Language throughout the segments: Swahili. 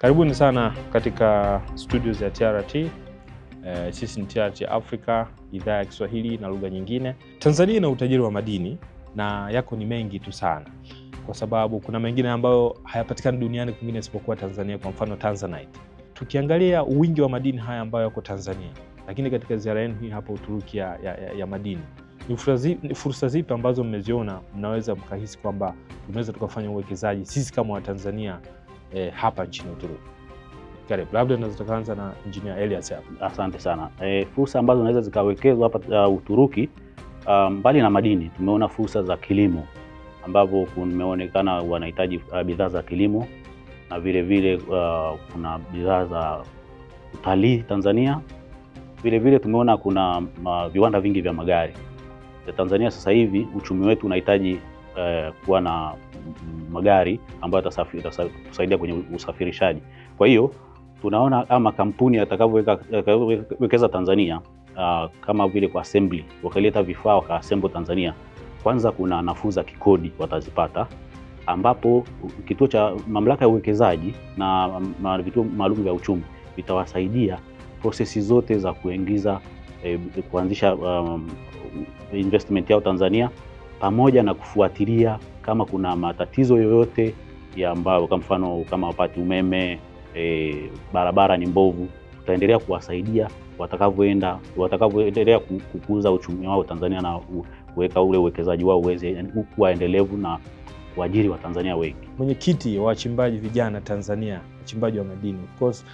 Karibuni sana katika studios ya TRT. Eh, sisi ni TRT Africa, idhaa ya Kiswahili na lugha nyingine. Tanzania ina utajiri wa madini na yako ni mengi tu sana, kwa sababu kuna mengine ambayo hayapatikani duniani kwingine isipokuwa Tanzania, kwa mfano Tanzanite. Tukiangalia wingi wa madini haya ambayo yako Tanzania, lakini katika ziara yenu hii hapa Uturuki ya, ya, ya madini ni fursa zipi ambazo mmeziona mnaweza mkahisi kwamba tunaweza tukafanya uwekezaji sisi kama Watanzania eh, hapa nchini Uturuki. Karibu, labda unaweza na engineer Elias hapa. Asante sana. E, fursa ambazo zinaweza zikawekezwa hapa uh, Uturuki uh, mbali na madini, tumeona fursa za kilimo ambapo kumeonekana wanahitaji uh, bidhaa za kilimo na vile vile uh, kuna bidhaa za utalii Tanzania. Vile vile tumeona kuna uh, viwanda vingi vya magari ya Tanzania. Sasa hivi uchumi wetu unahitaji uh, kuwa na magari ambayo yatasaidia kwenye usafirishaji. Kwa hiyo tunaona kama kampuni atakavyowekeza Tanzania uh, kama vile kwa assembly wakaleta vifaa assemble Tanzania, kwanza kuna nafuu za kikodi watazipata, ambapo kituo cha mamlaka ya uwekezaji na, na vituo maalum vya uchumi vitawasaidia prosesi zote za kuingiza eh, kuanzisha um, investment yao Tanzania pamoja na kufuatilia kama kuna matatizo yoyote ya ambayo kwa mfano kama wapati umeme e, barabara ni mbovu, tutaendelea kuwasaidia watakavyoenda watakavyoendelea kukuza uchumi wao Tanzania na kuweka ule uwekezaji wao uweze kuwa endelevu na kuajiri Watanzania wengi. Mwenyekiti wa wachimbaji vijana Tanzania, wachimbaji wa madini of course,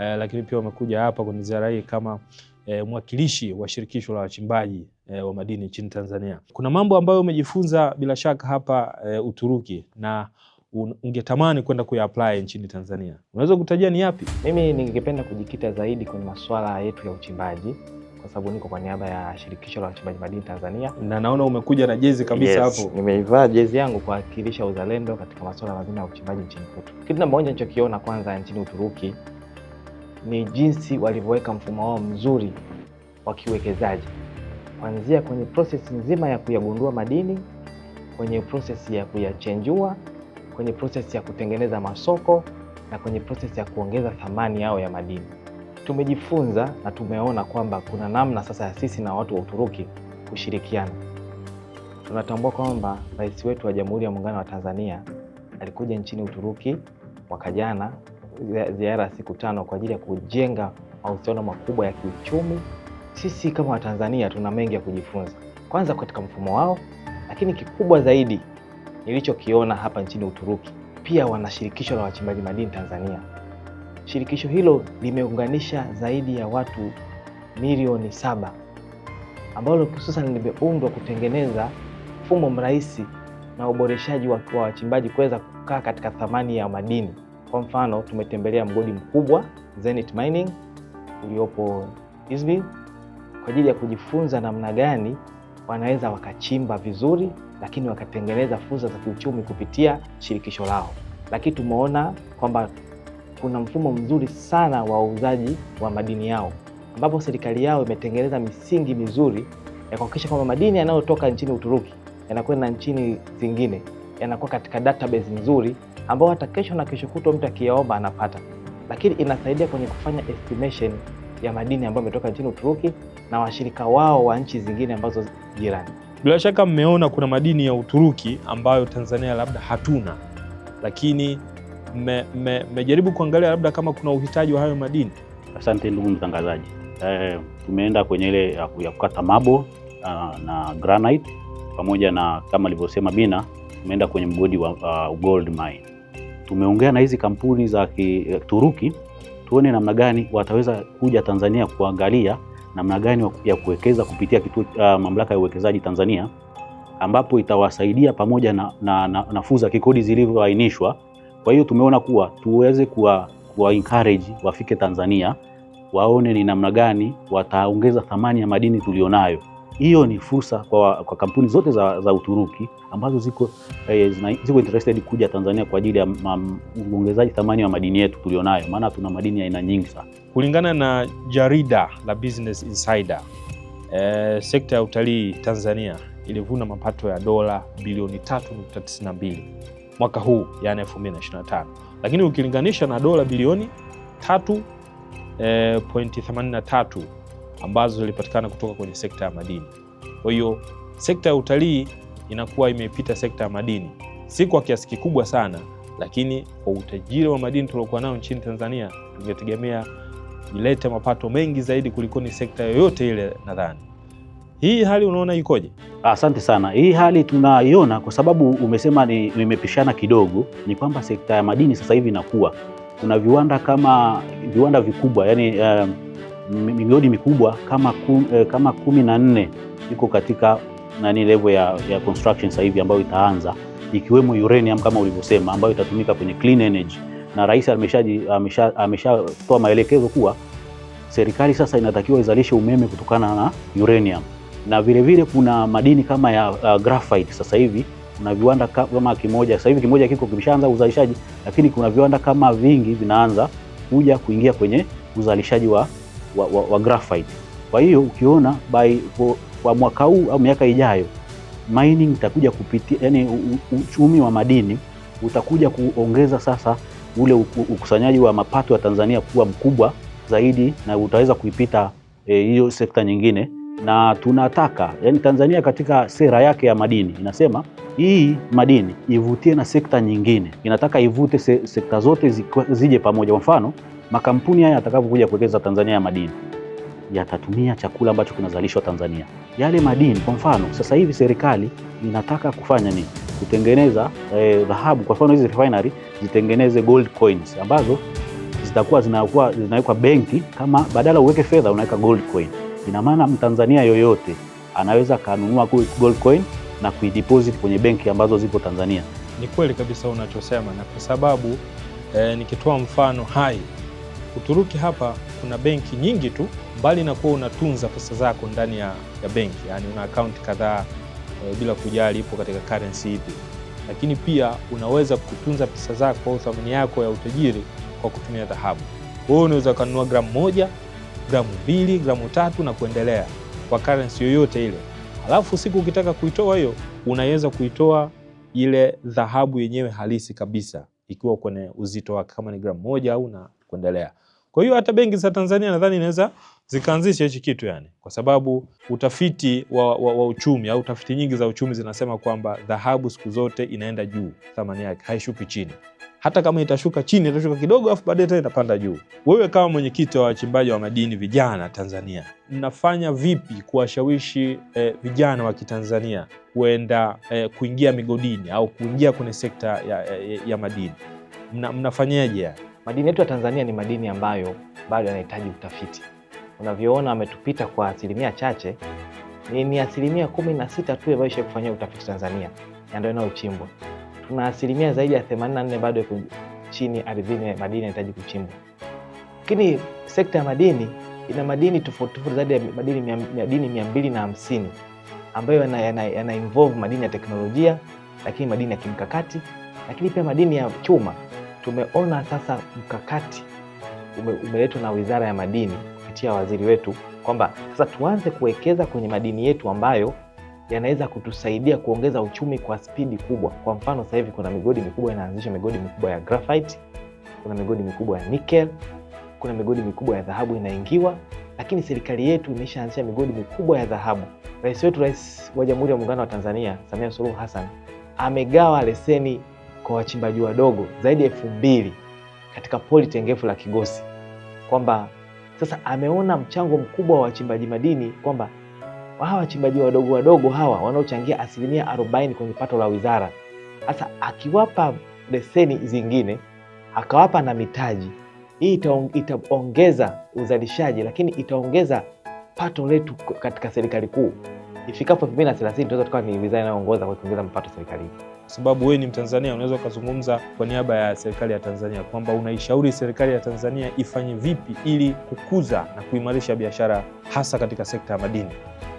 eh, lakini pia wamekuja hapa kwenye ziara hii kama e, mwakilishi wa shirikisho la wachimbaji e, wa madini nchini Tanzania. Kuna mambo ambayo umejifunza bila shaka hapa e, Uturuki na ungetamani kwenda kuyaapply nchini Tanzania, unaweza kutajia ni yapi? Mimi ningependa kujikita zaidi kwenye masuala yetu ya uchimbaji kwa sababu niko kwa niaba ya shirikisho la wachimbaji madini Tanzania, na naona umekuja na jezi kabisa hapo. Yes, nimeivaa jezi yangu kuwakilisha uzalendo katika masuala madini ya uchimbaji nchini kwetu. Kitu namba moja nilichokiona kwanza nchini Uturuki ni jinsi walivyoweka mfumo wao mzuri wa kiwekezaji, kuanzia kwenye prosesi nzima ya kuyagundua madini, kwenye process ya kuyachenjua, kwenye process ya kutengeneza masoko na kwenye process ya kuongeza thamani yao ya madini. Tumejifunza na tumeona kwamba kuna namna sasa ya sisi na watu wa Uturuki kushirikiana. Tunatambua kwamba rais wetu wa Jamhuri ya Muungano wa Tanzania alikuja nchini Uturuki mwaka jana ziara ya siku tano kwa ajili ya kujenga mahusiano makubwa ya kiuchumi. Sisi kama Watanzania tuna mengi ya kujifunza, kwanza katika mfumo wao, lakini kikubwa zaidi nilichokiona hapa nchini Uturuki, pia wana shirikisho la wachimbaji madini Tanzania. Shirikisho hilo limeunganisha zaidi ya watu milioni saba ambalo hususan limeundwa kutengeneza mfumo mrahisi na uboreshaji wa wachimbaji kuweza kukaa katika thamani ya madini. Kwa mfano tumetembelea mgodi mkubwa Zenith Mining uliopo Izmir kwa ajili ya kujifunza namna gani wanaweza wakachimba vizuri, lakini wakatengeneza fursa za kiuchumi kupitia shirikisho lao. Lakini tumeona kwamba kuna mfumo mzuri sana wa uuzaji wa madini yao, ambapo serikali yao imetengeneza misingi mizuri ya kuhakikisha kwamba madini yanayotoka nchini Uturuki yanakwenda nchini zingine, yanakuwa katika database nzuri ambao hata kesho na kesho kutwa mtu akiyaomba anapata, lakini inasaidia kwenye kufanya estimation ya madini ambayo ametoka nchini Uturuki na washirika wao wa nchi zingine ambazo jirani. Bila shaka mmeona kuna madini ya Uturuki ambayo Tanzania labda hatuna, lakini mmejaribu me, me, kuangalia labda kama kuna uhitaji wa hayo madini. Asante ndugu mtangazaji. Eh, tumeenda kwenye ile ya kukata mabo ah, na granite pamoja na kama alivyosema Bina, tumeenda kwenye mgodi wa uh, gold mine tumeongea na hizi kampuni za Kituruki eh, tuone namna gani wataweza kuja Tanzania kuangalia namna gani ya kuwekeza kupitia kitu, uh, ah, mamlaka ya uwekezaji Tanzania ambapo itawasaidia pamoja na, na, na, nafuu za kikodi zilivyoainishwa. Kwa hiyo tumeona kuwa tuweze kuwa, kuwa encourage wafike Tanzania waone ni namna gani wataongeza thamani ya madini tulionayo hiyo ni fursa kwa, kwa kampuni zote za, za Uturuki ambazo ziko, eh, zina, ziko interested kuja Tanzania kwa ajili ya uongezaji thamani wa madini yetu tulionayo, maana tuna madini aina nyingi sana. Kulingana na jarida la Business Insider, eh, sekta ya utalii Tanzania ilivuna mapato ya dola bilioni 3.92 mwaka huu yani 2025, lakini ukilinganisha na dola bilioni 3.83 ambazo zilipatikana kutoka kwenye sekta ya madini. Kwa hiyo sekta ya utalii inakuwa imepita sekta ya madini, si kwa kiasi kikubwa sana, lakini kwa utajiri wa madini tuliokuwa nao nchini Tanzania tungetegemea ilete mapato mengi zaidi kuliko ni sekta yoyote ile. Nadhani hii hali unaona ikoje? Asante sana. Hii hali tunaiona kwa sababu umesema ni imepishana kidogo, ni kwamba sekta ya madini sasa hivi inakuwa kuna viwanda kama viwanda vikubwa yani, uh, migodi mikubwa kama, kum, eh, kama kumi na nne iko katika nani level ya, ya construction sasa hivi ambayo itaanza ikiwemo uranium kama ulivyosema ambayo itatumika kwenye clean energy, na rais ameshatoa amesha, amesha maelekezo kuwa serikali sasa inatakiwa izalishe umeme kutokana na uranium, na vilevile kuna madini kama ya uh, graphite. Sasa hivi kuna viwanda kama kimoja sasa hivi kimoja kiko kimeshaanza uzalishaji, lakini kuna viwanda kama vingi vinaanza kuja kuingia kwenye uzalishaji wa wa, wa, wa graphite. Kwa hiyo ukiona by kwa mwaka huu au miaka ijayo mining itakuja kupitia, yani uchumi wa madini utakuja kuongeza sasa ule ukusanyaji wa mapato ya Tanzania kuwa mkubwa zaidi na utaweza kuipita e, hiyo e, sekta nyingine, na tunataka yani Tanzania katika sera yake ya madini inasema hii madini ivutie na sekta nyingine, inataka ivute se, sekta zote zi, zije pamoja. Kwa mfano makampuni haya yatakapokuja kuwekeza Tanzania ya madini yatatumia chakula ambacho kinazalishwa Tanzania, yale madini. Kwa mfano sasa hivi serikali inataka kufanya nini? Kutengeneza eh, dhahabu eh, kwa mfano hizi refinery zitengeneze gold coins ambazo zitakuwa zinakuwa zinawekwa benki, kama badala uweke fedha unaweka gold coin. Ina maana mtanzania yoyote anaweza akanunua gold coin na kuideposit kwenye benki ambazo zipo Tanzania. Ni kweli kabisa unachosema, na kwa sababu eh, nikitoa mfano hai Uturuki hapa kuna benki nyingi tu, mbali na kuwa unatunza pesa zako ndani ya, ya benki, yani una akaunti kadhaa e, bila kujali ipo katika currency ipi, lakini pia unaweza kutunza pesa zako au thamani yako ya utajiri kwa kutumia dhahabu. Wewe unaweza kununua gramu moja, gramu mbili, gramu tatu na kuendelea kwa currency yoyote ile, alafu siku ukitaka kuitoa hiyo unaweza kuitoa ile dhahabu yenyewe halisi kabisa ikiwa kwenye uzito wake kama ni gramu moja au na kuendelea. Kwa hiyo hata benki za Tanzania nadhani inaweza zikaanzisha hichi kitu yani, kwa sababu utafiti wa, wa, wa uchumi au tafiti nyingi za uchumi zinasema kwamba dhahabu siku zote inaenda juu, thamani yake haishuki chini. Hata kama itashuka chini, itashuka kidogo, afu baadaye tena itapanda juu. Wewe kama mwenyekiti wa wachimbaji wa madini vijana Tanzania, mnafanya vipi kuwashawishi eh, vijana wa Kitanzania kuenda eh, kuingia migodini au kuingia kwenye sekta ya, ya, ya madini? Mna, mnafanyaje? Madini yetu ya Tanzania ni madini ambayo bado yanahitaji utafiti. Unavyoona ametupita kwa asilimia chache, ni, ni asilimia kumi na sita tu ambayo ishawahi kufanyia utafiti Tanzania na ndio inayochimbwa. Tuna asilimia zaidi ya 84 bado iko chini ardhini, madini yanahitaji kuchimbwa. Lakini sekta ya madini ina madini tofauti tofauti zaidi ya madini mia mbili na hamsini ambayo yana, yana, yana involve madini ya teknolojia, lakini madini ya kimkakati, lakini pia madini ya chuma tumeona sasa mkakati ume, umeletwa na Wizara ya Madini kupitia waziri wetu kwamba sasa tuanze kuwekeza kwenye madini yetu ambayo yanaweza kutusaidia kuongeza uchumi kwa spidi kubwa. Kwa mfano sasa hivi kuna migodi mikubwa inaanzisha migodi mikubwa ya graphite, kuna migodi mikubwa ya nickel, kuna migodi mikubwa ya dhahabu inaingiwa, lakini serikali yetu imeshaanzisha migodi mikubwa ya dhahabu. Rais wetu, Rais wa Jamhuri ya Muungano wa Tanzania Samia Suluhu Hassan amegawa leseni kwa wachimbaji wadogo zaidi ya elfu mbili katika poli tengefu la Kigosi, kwamba sasa ameona mchango mkubwa wa wachimbaji madini, kwamba hawa wachimbaji wadogo wadogo hawa wanaochangia asilimia arobaini kwenye pato la wizara, sasa akiwapa leseni zingine akawapa na mitaji hii itaongeza uzalishaji, lakini itaongeza pato letu katika serikali kuu. Ifikapo elfu mbili na thelathini tunaweza tukawa ni wizara inayoongoza kwa kuongeza mapato serikalini kwa sababu wewe ni Mtanzania, unaweza ukazungumza kwa niaba ya serikali ya Tanzania kwamba unaishauri serikali ya Tanzania ifanye vipi ili kukuza na kuimarisha biashara hasa katika sekta ya madini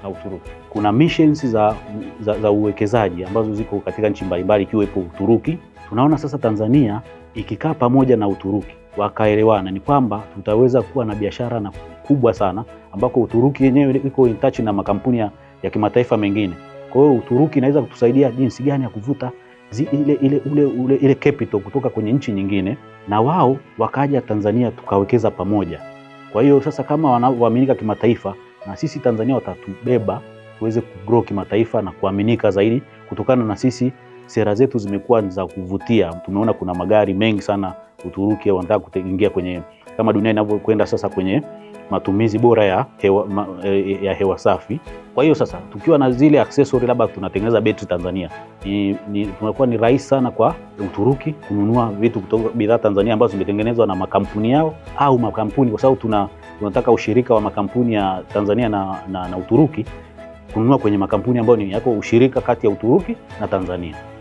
na Uturuki. Kuna missions za, za, za uwekezaji ambazo ziko katika nchi mbalimbali ikiwepo Uturuki. Tunaona sasa Tanzania ikikaa pamoja na Uturuki wakaelewana, ni kwamba tutaweza kuwa na biashara na kubwa sana ambako Uturuki yenyewe iko in touch na makampuni ya kimataifa mengine wewe Uturuki inaweza kutusaidia jinsi gani ya kuvuta zi, ile, ile, ule, ule, ile capital kutoka kwenye nchi nyingine na wao wakaja Tanzania tukawekeza pamoja. Kwa hiyo sasa kama wanaoaminika kimataifa na sisi Tanzania watatubeba tuweze kugrow kimataifa na kuaminika zaidi kutokana na sisi sera zetu zimekuwa za kuvutia. Tumeona kuna magari mengi sana Uturuki wanataka kuingia kwenye kama dunia inavyokwenda sasa kwenye matumizi bora ya hewa, ma, e, e, ya hewa safi. Kwa hiyo sasa tukiwa na zile accessory labda tunatengeneza betri Tanzania, ni, ni, tunakuwa ni rahisi sana kwa Uturuki kununua vitu kutoka bidhaa Tanzania ambazo zimetengenezwa na makampuni yao au makampuni, kwa sababu tuna, tunataka ushirika wa makampuni ya Tanzania na, na, na Uturuki kununua kwenye makampuni ambayo ni yako ushirika kati ya Uturuki na Tanzania.